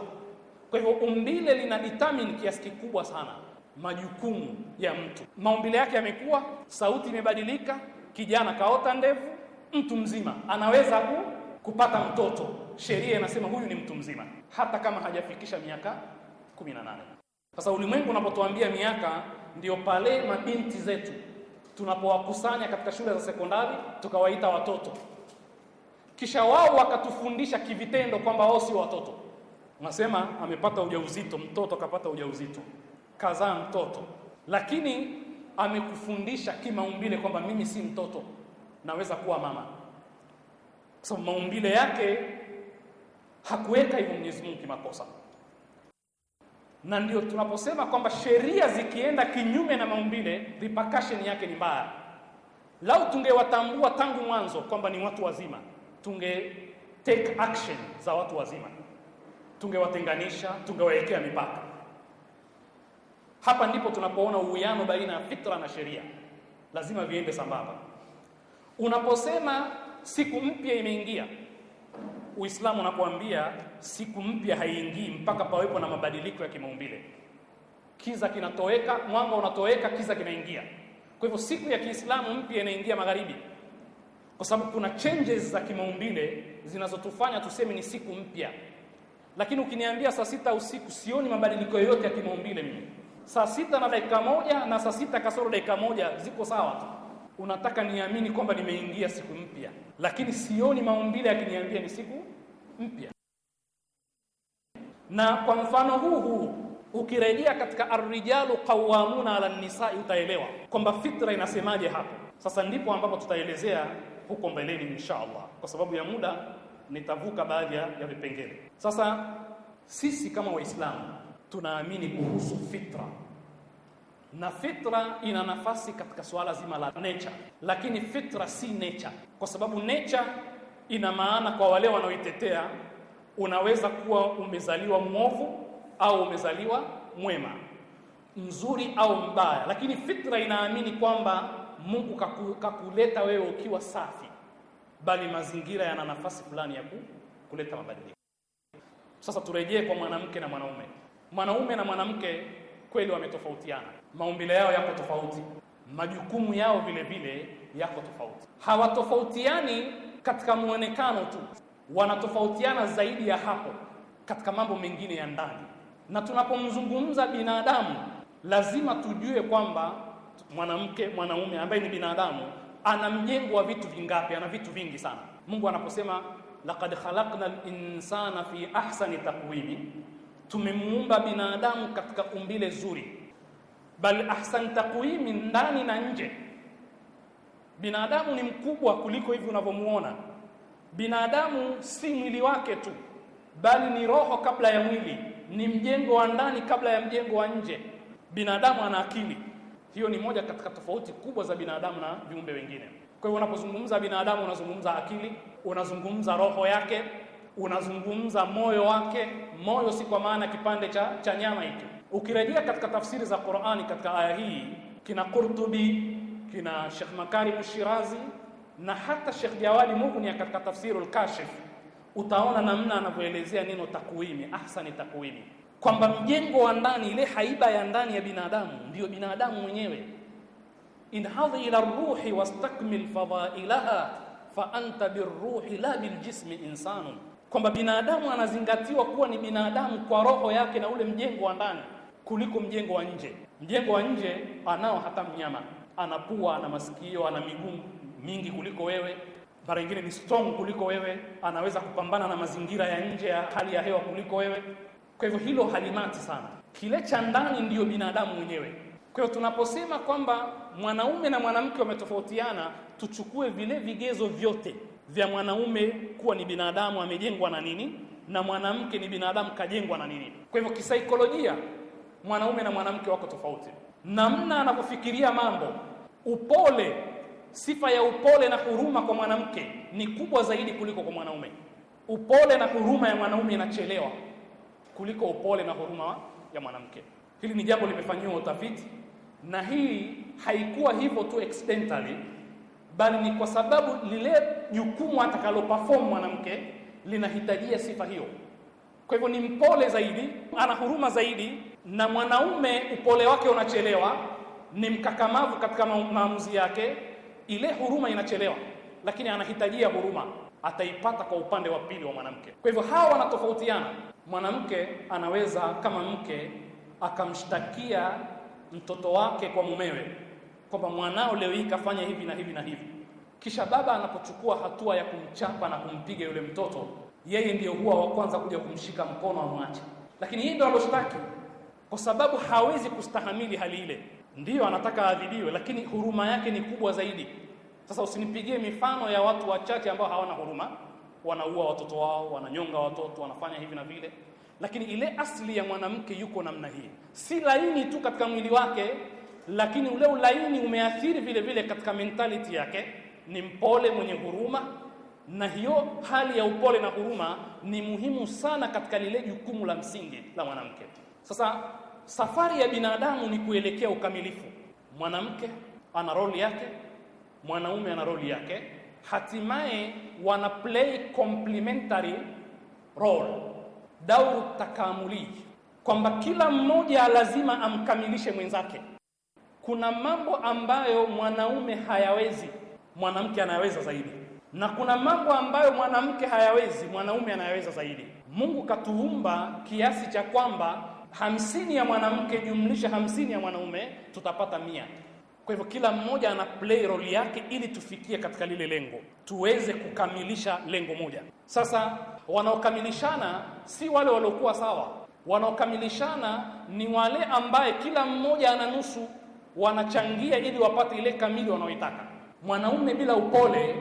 kwa hivyo umbile lina determine kiasi kikubwa sana majukumu ya mtu. Maumbile yake yamekuwa, sauti imebadilika, kijana kaota ndevu, mtu mzima anaweza ku, kupata mtoto. Sheria inasema huyu ni mtu mzima hata kama hajafikisha miaka 18. Sasa ulimwengu unapotuambia miaka, ndio pale mabinti zetu tunapowakusanya katika shule za sekondari tukawaita watoto, kisha wao wakatufundisha kivitendo kwamba wao si watoto unasema amepata ujauzito, mtoto akapata ujauzito, kazaa mtoto, lakini amekufundisha kimaumbile kwamba mimi si mtoto, naweza kuwa mama, kwa sababu maumbile yake hakuweka hivyo Mwenyezi Mungu kimakosa. Na ndio tunaposema kwamba sheria zikienda kinyume na maumbile, repercussion yake ni mbaya. Lau tungewatambua tangu mwanzo kwamba ni watu wazima, tunge take action za watu wazima tungewatenganisha tungewawekea mipaka hapa ndipo tunapoona uwiano baina ya fitra na sheria lazima viende sambamba unaposema siku mpya imeingia uislamu unakuambia siku mpya haiingii mpaka pawepo na mabadiliko ya kimaumbile kiza kinatoweka mwanga unatoweka kiza kinaingia kwa hivyo siku ya kiislamu mpya inaingia magharibi kwa sababu kuna changes za kimaumbile zinazotufanya tuseme ni siku mpya lakini ukiniambia saa sita usiku sioni mabadiliko yoyote ya kimaumbile mimi. Saa sita na dakika moja na saa sita kasoro dakika moja ziko sawa tu. Unataka niamini kwamba nimeingia siku mpya, lakini sioni maumbile yakiniambia ni siku mpya. Na kwa mfano huu huu ukirejea katika arrijalu qawamuna ala nisai, utaelewa kwamba fitra inasemaje hapo. Sasa ndipo ambapo tutaelezea huko mbeleni insha Allah, kwa sababu ya muda nitavuka baadhi ya vipengele. Sasa sisi kama Waislamu tunaamini kuhusu fitra na fitra ina nafasi katika swala zima la nature, lakini fitra si nature, kwa sababu nature ina maana kwa wale wanaoitetea, unaweza kuwa umezaliwa mwovu au umezaliwa mwema, mzuri au mbaya, lakini fitra inaamini kwamba Mungu kakuleta wewe ukiwa safi bali mazingira yana nafasi fulani ya kuleta mabadiliko. Sasa turejee kwa mwanamke na mwanaume. Mwanaume na mwanamke kweli wametofautiana, maumbile yao yako tofauti, majukumu yao vile vile yako tofauti. Hawatofautiani katika muonekano tu, wanatofautiana zaidi ya hapo katika mambo mengine ya ndani. Na tunapomzungumza binadamu, lazima tujue kwamba mwanamke, mwanaume ambaye ni binadamu ana mjengo wa vitu vingapi ana vitu vingi sana Mungu anaposema laqad khalaqna al-insana fi ahsani taqwimi tumemuumba binadamu katika umbile zuri bal ahsan taqwimi ndani na nje binadamu ni mkubwa kuliko hivi unavyomuona binadamu si mwili wake tu bali ni roho kabla ya mwili ni mjengo wa ndani kabla ya mjengo wa nje binadamu ana akili hiyo ni moja katika tofauti kubwa za binadamu na viumbe wengine. Kwa hivyo unapozungumza binadamu, unazungumza akili, unazungumza roho yake, unazungumza moyo wake. Moyo si kwa maana kipande cha, cha nyama hicho. Ukirejea katika tafsiri za Qur'ani katika aya hii, kina Qurtubi, kina Sheikh Makarim Shirazi na hata Sheikh Jawadi Mughni katika tafsirul lkashif utaona namna anavyoelezea neno takwimi, ahsani takwimi kwamba mjengo wa ndani ile haiba ya ndani ya binadamu ndiyo binadamu mwenyewe inhadhi ila ruhi wastakmil fadailaha fa anta birruhi la biljismi insanu kwamba binadamu anazingatiwa kuwa ni binadamu kwa roho yake na ule mjengo wa ndani kuliko mjengo wa nje mjengo wa nje anao hata mnyama anapua ana masikio ana miguu mingi kuliko wewe mara nyingine ni strong kuliko wewe anaweza kupambana na mazingira ya nje ya hali ya hewa kuliko wewe kwa hivyo hilo halimati sana, kile cha ndani ndiyo binadamu mwenyewe. Kwa hiyo tunaposema kwamba mwanaume na mwanamke wametofautiana, tuchukue vile vigezo vyote vya mwanaume kuwa ni binadamu amejengwa na nini, na mwanamke ni binadamu kajengwa na nini. Kwa hivyo kisaikolojia, mwanaume na mwanamke wako tofauti, namna anavyofikiria mambo, upole sifa ya upole na huruma kwa mwanamke ni kubwa zaidi kuliko kwa mwanaume. Upole na huruma ya mwanaume inachelewa kuliko upole na huruma ya mwanamke hili ni jambo limefanyiwa utafiti na hii haikuwa hivyo tu accidentally bali ni kwa sababu lile jukumu atakalo perform mwanamke linahitajia sifa hiyo kwa hivyo ni mpole zaidi ana huruma zaidi na mwanaume upole wake unachelewa ni mkakamavu katika maamuzi yake ile huruma inachelewa lakini anahitajia huruma ataipata kwa upande wa pili wa mwanamke kwa hivyo hawa wanatofautiana mwanamke anaweza kama mke akamshtakia mtoto wake kwa mumewe kwamba mwanao leo hii kafanya hivi na hivi na hivi kisha baba anapochukua hatua ya kumchapa na kumpiga yule mtoto yeye ndiyo huwa wa kwanza kuja kumshika mkono amwache lakini hii ndio aloshtaki kwa sababu hawezi kustahamili hali ile ndiyo anataka adhibiwe lakini huruma yake ni kubwa zaidi sasa usinipigie mifano ya watu wachache ambao hawana huruma wanaua watoto wao wananyonga watoto wanafanya hivi na vile lakini ile asili ya mwanamke yuko namna hii si laini tu katika mwili wake lakini ule ulaini umeathiri vile vile katika mentality yake ni mpole mwenye huruma na hiyo hali ya upole na huruma ni muhimu sana katika lile jukumu la msingi la mwanamke sasa safari ya binadamu ni kuelekea ukamilifu mwanamke ana roli yake mwanaume ana roli yake hatimaye wana play complementary role, dauru takamuli, kwamba kila mmoja lazima amkamilishe mwenzake. Kuna mambo ambayo mwanaume hayawezi, mwanamke anayaweza zaidi, na kuna mambo ambayo mwanamke hayawezi, mwanaume anayaweza zaidi. Mungu katuumba kiasi cha kwamba hamsini ya mwanamke jumlisha hamsini ya mwanaume tutapata mia. Kwa hivyo kila mmoja ana play role yake ili tufikie katika lile lengo, tuweze kukamilisha lengo moja. Sasa wanaokamilishana si wale waliokuwa sawa, wanaokamilishana ni wale ambaye kila mmoja ana nusu, wanachangia ili wapate ile kamili wanaoitaka. Mwanaume bila upole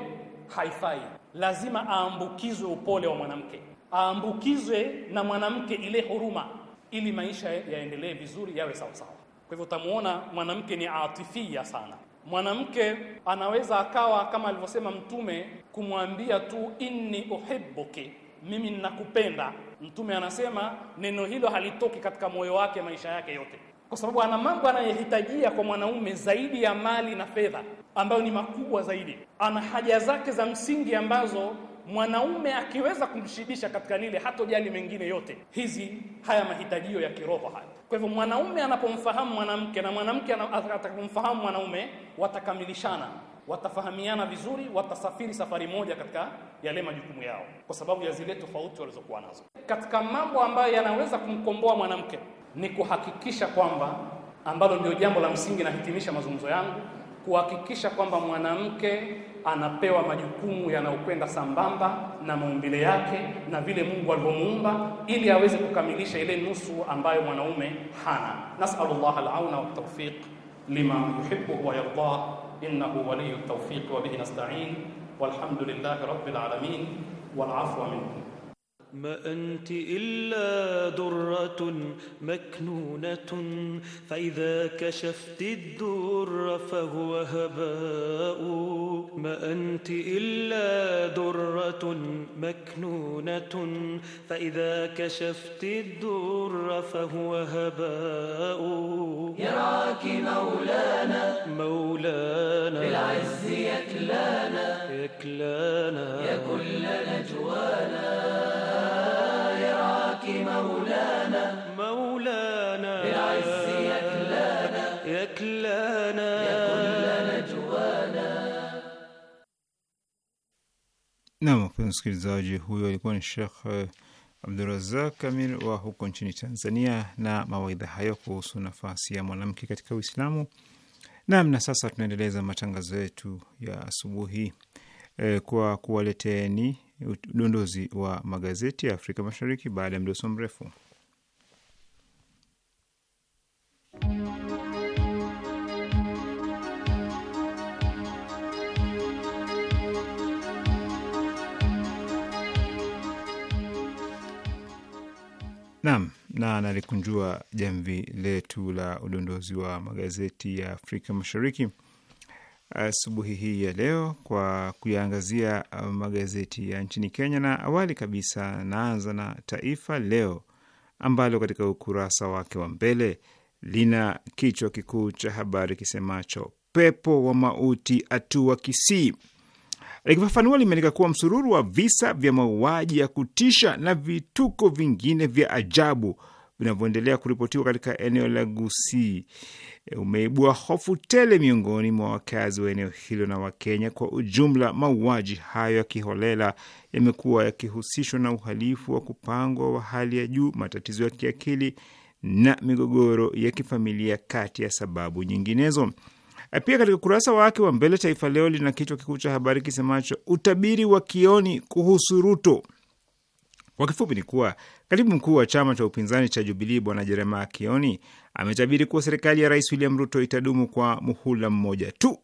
haifai, lazima aambukizwe upole wa mwanamke, aambukizwe na mwanamke ile huruma, ili maisha yaendelee vizuri, yawe sawasawa. Kwa hivyo utamuona mwanamke ni atifia sana. Mwanamke anaweza akawa kama alivyosema Mtume kumwambia tu inni uhibbuki, mimi ninakupenda. Mtume anasema neno hilo halitoki katika moyo wake maisha yake yote, kwa sababu ana mambo anayehitajia kwa mwanaume zaidi ya mali na fedha, ambayo ni makubwa zaidi. Ana haja zake za msingi ambazo mwanaume akiweza kumshibisha katika lile, hatojali mengine yote, hizi haya mahitajio ya kiroho haya. Kwa hivyo mwanaume anapomfahamu mwanamke na mwanamke atakapomfahamu mwanaume, watakamilishana, watafahamiana vizuri, watasafiri safari moja katika yale majukumu yao, kwa sababu ya zile tofauti walizokuwa nazo. Katika mambo ambayo yanaweza kumkomboa mwanamke ni kuhakikisha kwamba, ambalo ndio jambo la msingi, nahitimisha mazungumzo yangu kuhakikisha kwamba mwanamke anapewa majukumu yanayokwenda sambamba na maumbile yake na vile Mungu alivyomuumba ili aweze kukamilisha ile nusu ambayo mwanaume hana. Nas'alullah llah alauna wa tawfiq lima yuhibbu wa yarda innahu waliyut tawfiq wa bihi nasta'in walhamdulillahi rabbil alamin walafwa minkum ما أنت إلا درة مكنونة فإذا كشفت الدر فهو هباء ما أنت إلا درة مكنونة فإذا كشفت الدر فهو هباء يرعاك مولانا مولانا بالعز يكلانا يكلانا كل نجوانا Nam, wapenzi msikilizaji, huyo alikuwa ni Shekh eh, Abdurazak Amir wa huko nchini Tanzania na mawaidha hayo kuhusu nafasi ya mwanamke katika Uislamu. Nam, na sasa tunaendeleza matangazo yetu ya asubuhi e, kwa kuwaleteni udondozi wa magazeti ya Afrika Mashariki baada ya mdoso mrefu. nalikunjua jamvi letu la udondozi wa magazeti ya Afrika Mashariki asubuhi hii ya leo kwa kuyaangazia magazeti ya nchini Kenya, na awali kabisa naanza na Taifa Leo ambalo katika ukurasa wake wa mbele lina kichwa kikuu cha habari kisemacho pepo wa mauti atua Kisii. Likifafanua, limeandika kuwa msururu wa visa vya mauaji ya kutisha na vituko vingine vya ajabu vinavyoendelea kuripotiwa katika eneo la Gusii e, umeibua hofu tele miongoni mwa wakazi wa eneo hilo na Wakenya kwa ujumla. Mauaji hayo ya kiholela yamekuwa yakihusishwa na uhalifu wa kupangwa wa hali ya juu, matatizo ya kiakili na migogoro ya kifamilia, kati ya sababu nyinginezo. E, pia katika ukurasa wake wa mbele, Taifa Leo lina kichwa kikuu cha habari kisemacho utabiri wa Kioni kuhusu Ruto. Kwa kifupi ni kuwa katibu mkuu wa chama cha upinzani cha Jubilii Bwana Jeremiah Kioni ametabiri kuwa serikali ya Rais William Ruto itadumu kwa muhula mmoja tu.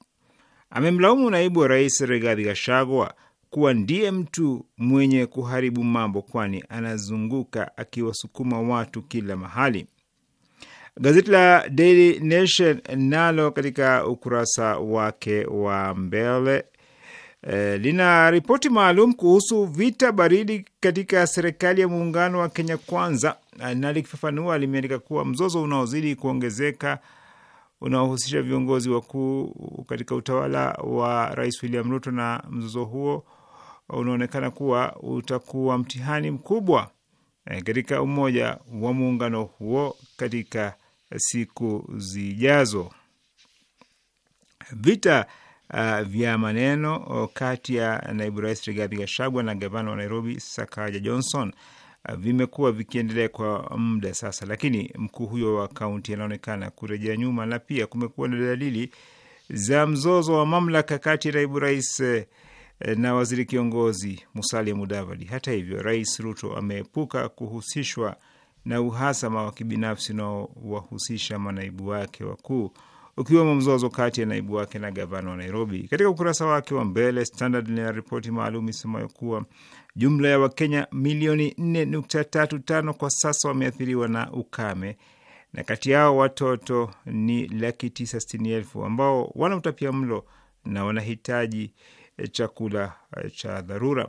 Amemlaumu naibu wa rais Rigathi Gachagua kuwa ndiye mtu mwenye kuharibu mambo, kwani anazunguka akiwasukuma watu kila mahali. Gazeti la Daily Nation nalo katika ukurasa wake wa mbele e, lina ripoti maalum kuhusu vita baridi katika serikali ya muungano wa Kenya Kwanza, na likifafanua limeandika kuwa mzozo unaozidi kuongezeka unaohusisha viongozi wakuu katika utawala wa Rais William Ruto, na mzozo huo unaonekana kuwa utakuwa mtihani mkubwa eh, katika umoja wa muungano huo katika siku zijazo. Vita uh, vya maneno kati ya naibu rais Rigathi Gachagua na gavana wa Nairobi Sakaja Johnson uh, vimekuwa vikiendelea kwa muda sasa, lakini mkuu huyo wa kaunti anaonekana kurejea nyuma, na pia kumekuwa na dalili za mzozo wa mamlaka kati ya naibu rais eh, na waziri kiongozi Musalia Mudavadi. Hata hivyo, Rais Ruto ameepuka kuhusishwa na uhasama wa kibinafsi unaowahusisha manaibu wake wakuu ukiwemo mzozo kati ya naibu wake na gavana wa Nairobi. Katika ukurasa wake wa mbele, Standard lina ripoti maalum isemayo kuwa jumla ya Wakenya milioni 4.35 kwa sasa wameathiriwa na ukame na kati yao watoto ni laki tisa sitini elfu ambao wana utapia mlo na wanahitaji chakula cha dharura.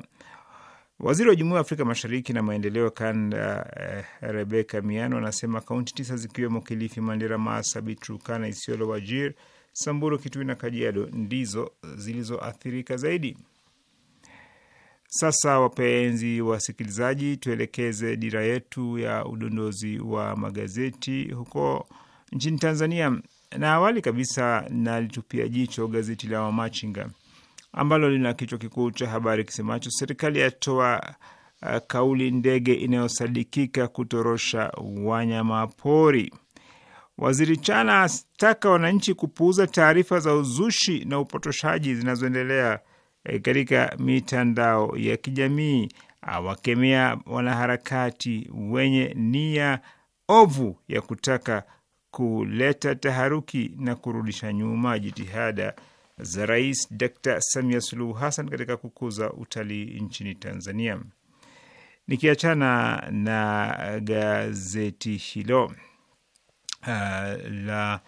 Waziri wa Jumuiya ya Afrika Mashariki na maendeleo kanda eh, Rebeka Miano anasema kaunti tisa zikiwemo Kilifi, Mandera, Marsabit, Turkana, Isiolo, Wajir, Samburu, Kitui na Kajiado ndizo zilizoathirika zaidi. Sasa wapenzi wasikilizaji, tuelekeze dira yetu ya udondozi wa magazeti huko nchini Tanzania, na awali kabisa nalitupia jicho gazeti la Wamachinga ambalo lina kichwa kikuu cha habari kisemacho serikali yatoa uh, kauli ndege inayosadikika kutorosha wanyamapori. Waziri Chana astaka wananchi kupuuza taarifa za uzushi na upotoshaji zinazoendelea eh, katika mitandao ya kijamii. Awakemea wanaharakati wenye nia ovu ya kutaka kuleta taharuki na kurudisha nyuma jitihada za Rais Dr Samia Suluhu Hassan katika kukuza utalii nchini Tanzania. Nikiachana na gazeti hilo uh, la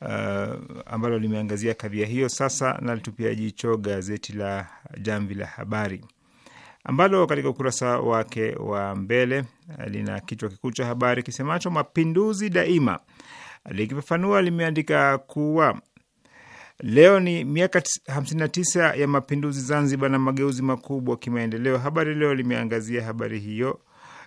uh, ambalo limeangazia kadhia hiyo, sasa nalitupia jicho gazeti la Jamvi la Habari ambalo katika ukurasa wake wa mbele uh, lina kichwa kikuu cha habari kisemacho mapinduzi daima. Likifafanua limeandika kuwa Leo ni miaka 59 ya mapinduzi Zanzibar na mageuzi makubwa kimaendeleo. Habari Leo limeangazia habari hiyo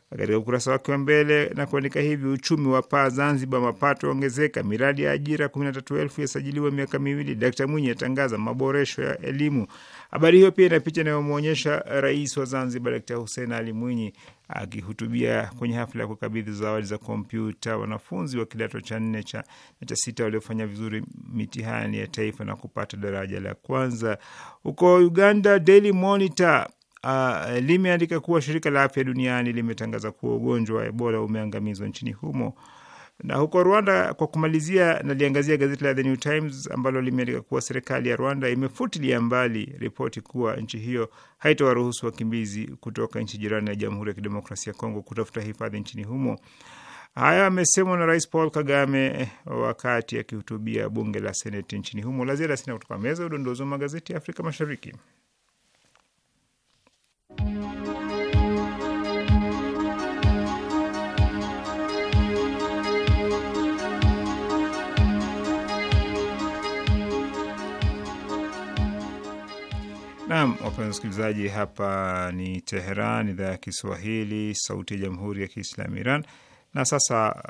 katika ukurasa wake wa mbele na kuandika hivi: uchumi wa paa Zanzibar, mapato ongezeka, miradi ya ajira 13,000 yasajiliwa miaka miwili, Dkt Mwinyi atangaza maboresho ya elimu. Habari hiyo pia ina picha inayomwonyesha rais wa Zanzibar Dkt Hussein Ali Mwinyi Akihutubia kwenye hafla ya kukabidhi zawadi za kompyuta wanafunzi wa kidato cha nne cha na cha sita waliofanya vizuri mitihani ya taifa na kupata daraja la kwanza. Huko Uganda, Daily Monitor uh, limeandika kuwa shirika la afya duniani limetangaza kuwa ugonjwa wa Ebola umeangamizwa nchini humo. Na huko Rwanda, kwa kumalizia, naliangazia gazeti la The New Times ambalo limeandika kuwa serikali ya Rwanda imefutilia mbali ripoti kuwa nchi hiyo haitawaruhusu wakimbizi kutoka nchi jirani ya Jamhuri ya Kidemokrasia ya Kongo kutafuta hifadhi nchini humo. Haya amesemwa na Rais Paul Kagame wakati akihutubia bunge la seneti nchini humo. La ziada sina kutoka meza udondozi wa magazeti ya Afrika Mashariki. Naam, wapenzi wasikilizaji, hapa ni Teheran, idhaa ya Kiswahili, sauti ya jamhuri ya kiislamu Iran. Na sasa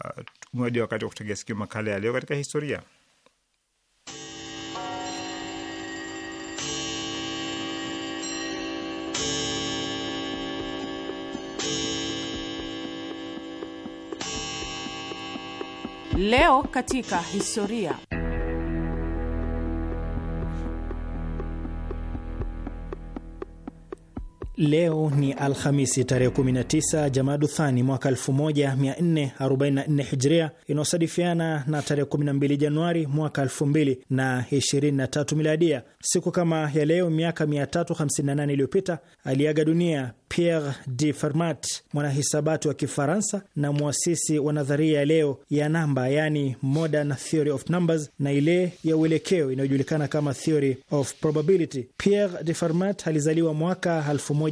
umewadia uh, wakati wa kutegea sikio makala ya leo katika historia. Leo katika historia. Leo ni Alhamisi tarehe 19 Jamadu Thani mwaka 1444 Hijria, inayosadifiana na tarehe 12 Januari mwaka 2023 Miladia. Siku kama ya leo miaka 358 iliyopita aliaga dunia Pierre de Fermat, mwanahisabati wa Kifaransa na mwasisi wa nadharia ya leo ya namba, yani modern theory of numbers, na ile ya uelekeo inayojulikana kama theory of probability. Pierre de Fermat alizaliwa mwaka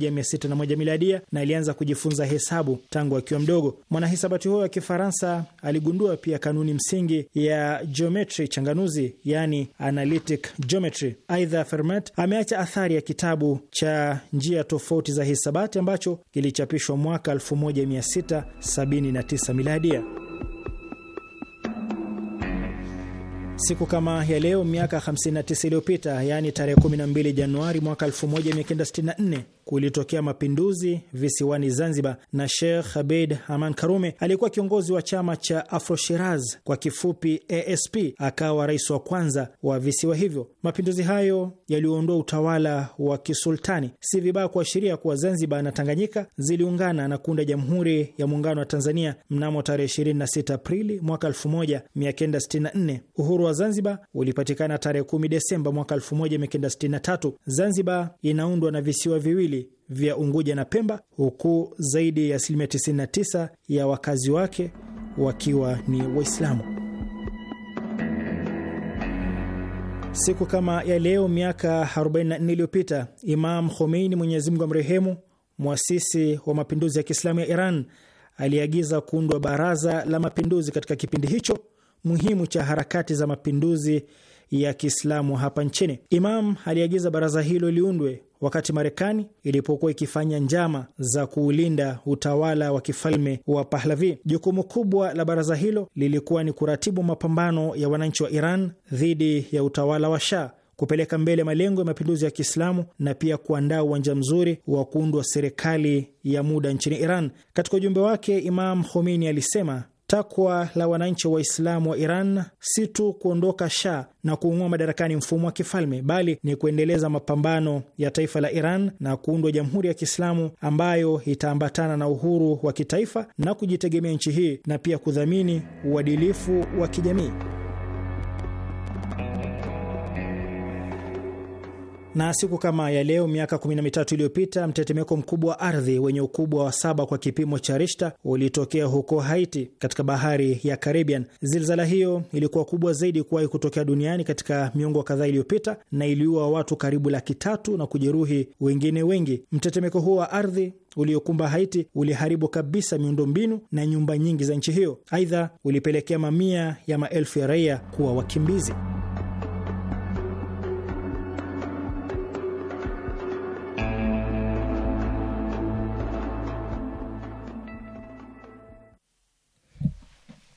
1601 miladia na alianza kujifunza hesabu tangu akiwa mdogo. Mwanahisabati huyo wa Kifaransa aligundua pia kanuni msingi ya geometry changanuzi, yani analytic geometry. Aidha, Fermat ameacha athari ya kitabu cha njia tofauti za hisabati ambacho kilichapishwa mwaka 1679 miladia. Siku kama ya leo miaka 59 iliyopita, yaani tarehe 12 Januari mwaka 1964 kulitokea mapinduzi visiwani Zanzibar, na Sheikh abid Aman Karume aliyekuwa kiongozi wa chama cha Afro Shiraz kwa kifupi ASP, akawa rais wa kwanza wa visiwa hivyo. Mapinduzi hayo yalioondoa utawala wa kisultani. Si vibaya kuashiria kuwa Zanzibar na Tanganyika ziliungana na kuunda Jamhuri ya Muungano wa Tanzania mnamo tarehe 26 Aprili mwaka 1964. Uhuru wa Zanzibar ulipatikana tarehe 10 Desemba mwaka 1963. Zanzibar inaundwa na visiwa viwili viwili vya Unguja na Pemba, huku zaidi ya asilimia 99 ya wakazi wake wakiwa ni Waislamu. Siku kama ya leo miaka 44 iliyopita Imam Khomeini, Mwenyezi Mungu amrehemu, mwasisi wa mapinduzi ya Kiislamu ya Iran, aliagiza kuundwa baraza la mapinduzi katika kipindi hicho muhimu cha harakati za mapinduzi ya Kiislamu hapa nchini. Imam aliagiza baraza hilo liundwe wakati Marekani ilipokuwa ikifanya njama za kuulinda utawala wa kifalme wa Pahlavi. Jukumu kubwa la baraza hilo lilikuwa ni kuratibu mapambano ya wananchi wa Iran dhidi ya utawala wa Shah, kupeleka mbele malengo ya mapinduzi ya Kiislamu na pia kuandaa uwanja mzuri wa kuundwa serikali ya muda nchini Iran. Katika ujumbe wake, Imam Khomeini alisema Takwa la wananchi Waislamu wa Iran si tu kuondoka Shah na kuung'oa madarakani mfumo wa kifalme, bali ni kuendeleza mapambano ya taifa la Iran na kuundwa jamhuri ya Kiislamu ambayo itaambatana na uhuru wa kitaifa na kujitegemea nchi hii na pia kudhamini uadilifu wa kijamii. Na siku kama ya leo miaka 13 iliyopita mtetemeko mkubwa wa ardhi wenye ukubwa wa saba kwa kipimo cha Richter ulitokea huko Haiti katika bahari ya Caribbean. Zilzala hiyo ilikuwa kubwa zaidi kuwahi kutokea duniani katika miongo kadhaa iliyopita na iliua watu karibu laki tatu na kujeruhi wengine wengi. Mtetemeko huo wa ardhi uliokumba Haiti uliharibu kabisa miundombinu na nyumba nyingi za nchi hiyo. Aidha, ulipelekea mamia ya maelfu ya raia kuwa wakimbizi.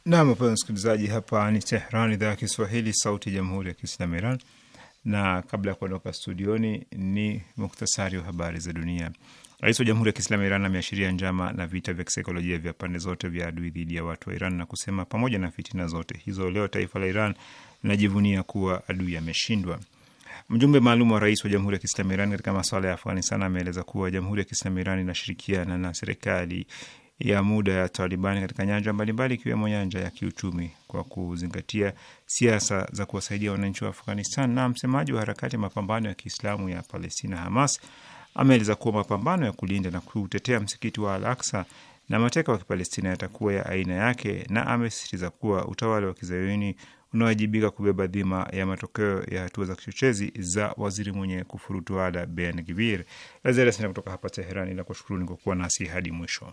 Nam apea msikilizaji, hapa ni Tehran, idhaa ya Kiswahili, sauti ya jamhuri ya kiislamu Iran. Na kabla ya kuondoka studioni, ni muktasari wa habari za dunia. Rais wa Jamhuri ya Kiislamu Iran ameashiria njama na vita vya kisaikolojia vya pande zote vya adui dhidi ya watu wa Iran na kusema pamoja na fitina zote hizo, leo taifa la Iran linajivunia kuwa adui ameshindwa. Mjumbe maalum wa rais wa Jamhuri ya Kiislamu Iran katika masuala ya Afghanistan ameeleza kuwa Jamhuri ya Kiislamu Iran inashirikiana na serikali ya muda ya Talibani katika nyanja mbalimbali ikiwemo nyanja ya kiuchumi kwa kuzingatia siasa za kuwasaidia wananchi wa Afghanistan. Na msemaji wa harakati ya mapambano ya Kiislamu ya Palestina, Hamas, ameeleza kuwa mapambano ya kulinda na kutetea msikiti wa Al aqsa na mateka wa Kipalestina yatakuwa ya aina yake, na amesisitiza kuwa utawala wa kizayuni unawajibika kubeba dhima ya matokeo ya hatua za kichochezi za waziri mwenye ada Ben Gvir. Lazima sina kutoka hapa Teherani na kushukuruni kwa kuwa nasi hadi mwisho.